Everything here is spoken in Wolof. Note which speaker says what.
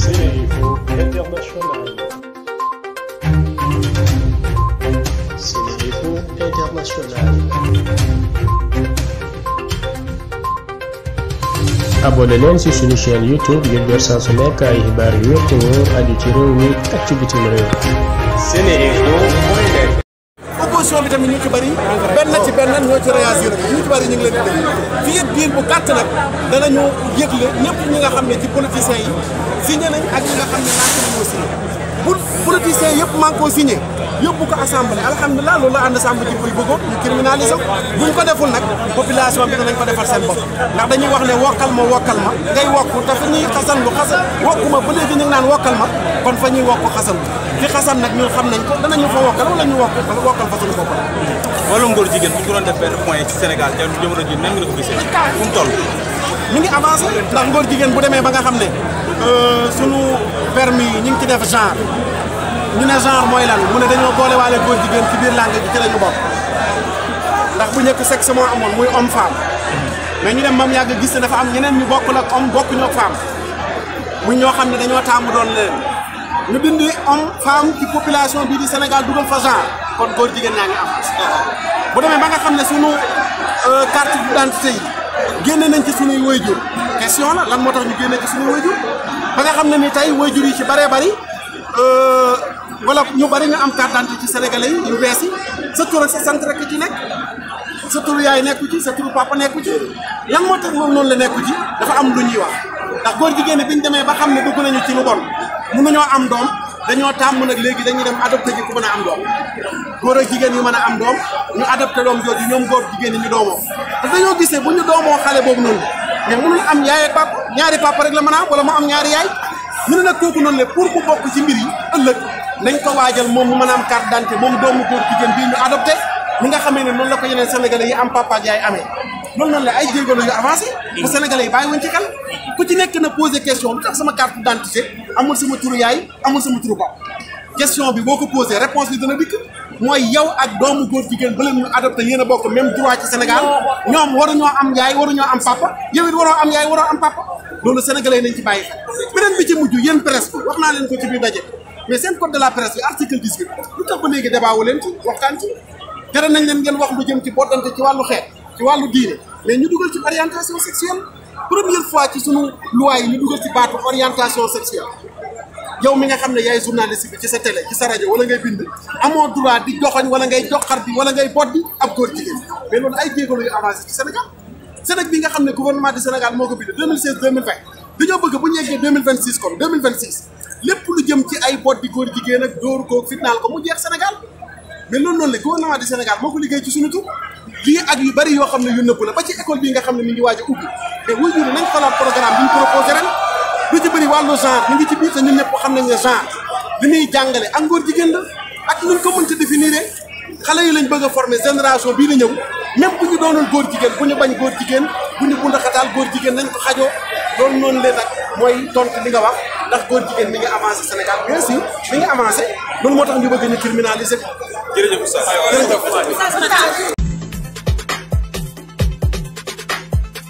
Speaker 1: CFO International. CFO International. abonné leen ci YouTube ngir jot saa ay xibaar yu wér te wóor aju ci
Speaker 2: opposition bi tamit ñu ci bëri benn ci benn ñoo ci réagir ñu ci bëri ñu ngi leen di dégg fii biir bu gàtt nag danañu yëgle ñëpp ñu nga xam ne ci politiciens yi signé nañ ak ñi nga xam ne laajte nañu aussi bu politiciens yëpp maa ngi ko signé yóbbu ko assemblée alhamdulilah loolu la ànd sàmm jikko yi bëggoon ñu criminalisé ko buñ ko deful nag population bi danañ ko defal seen bopp ndax dañuy wax ne wokkal ma wokkal ma ngay wokku te fi ñuy xasan lu xasan wokku ma ba léegi ñu ngi naan wokkal ma kon fa ñuy wokku xasan fi xasan nag ñun xam nañ ko danañu fa wokkal wala ñu wokk wokkal fa suñu bopp wala ngóor jigéen bu ñu def benn point ci Sénégal te ji nan ngi ba nga xam ne euh, permis yi ñu ngi ci def genre ñu ne genre mooy lan mu ne dañoo boolewaale góor jigéen ci biir langue gi ci la ñu bokk ndax bu njëkk sexe moo amoon muy homme femme mais ñu dem mam yàgg gis ne dafa am ñeneen ñu bokk nag homme bokk ñoo femme muy ñoo xam ne dañoo taamu doon leen ñu bindi homme femme ci population bii di Sénégal dugal fa genre kon góor jigéen ñaa ngi am bu demee ba nga xam ne sunu euh, carte d'identité yi génne nañ ci sunuy waajur question la lan moo tax ñu génne ci suñu wayjur ba nga xam ne ni tey wayjur yi ci bëree bëri euh, wala ñu bëri ñu am carte ci sénégalais yi yu bees yi sa sant rek ci nekk sa turu yaay nekku ci sa turu papa nekku ci lan moo tax moom la nekku ci dafa am lu ñuy wax ndax góor jigéen bi ñu demee ba xam ne dugg nañu ci lu bon mënuñoo am doom dañoo tàmm nag léegi dañuy dem adopté ji ku mën a am doom góor a jigéen yu mën a am doom ñu adopté doom jooju ñoom góor jigéen ñi ñu doomoo te dañoo gisee bu ñu doomoo xale boobu noonu mais mënul am yaay ak papa ñaari papa rek la mën a am wala mu am ñaari yaay ñu ne kooku noonu le pour bu bokk ci mbir yi ëllëg nañ ko waajal moom mu mën a am carte d'identité moom doomu góor jigéen bii ñu adopté ñi nga xamee ne noonu la ko yeneen sénégalais yi am papa ak yaay amee loolu noonu la ay jéego yu avancé bu sénégalais yi bàyyi woon ci xel ku ci nekk na posé question lu tax sama carte d'identité amul sama turu yaay amul sama turu papa question bi boo ko posé réponse bi dana dikk mooy yow ak doomu góor jigéen ba leen ñu adopté a bokk même droit ci Sénégal ñoom waruñoo am yaay waruñoo am papa yow waroo am yaay waroo am papa loolu sénégalais nañ ci bàyyi xel. beneen bi ci mujj yéen presse wax naa leen ko ci biir daje mais seen code la presse bi article dix lu tax ba léegi leen ci waxtaan ci tere nañ leen ngeen wax lu ci boddante ci wàllu xeet ci wàllu diine mais ñu dugal ci orientation sexuelle première fois yow mi nga xam ne yaay journaliste bi ci sa télé ci sa rajo wala ngay bind amoo droit di joxoñ wala ngay joxar bi wala ngay boddi bi nga xam ne ko bind 2016 2020 dañoo bëgg bu ñu yeggee 2026 kon 2026 lépp lu jëm ci ay boddi góor jigéen ak dóor ko fitnaal ko mu jeex Sénégal mais noonu la gouvernement du Sénégal moo ko liggéey ci suñu lii ak yu bari yoo xam ne yu nëbb la ba ci école bii nga xam ne mi ngi waaj a ubbi mais wuyu nañ xalaat programme bi ñu proposé lu ci bëri wàllu genre ñu ngi ci biir te ñun ñëpp xam nañ ne genre li muy jàngale ak ngóor jigéen la ak nuñ ko mën ci définir xale yi lañ bëgg a former génération bii la ñëw même bu ñu doonul góor jigéen bu ñu bañ góor jigéen bu ñu bund xataal góor jigéen nañ ko xajo loolu noonu leen nag mooy tontu li nga wax ndax góor jigéen mi ngi avancé Sénégal bien sûr mi ngi avancé loolu moo tax ñu bëgg ñu criminaliser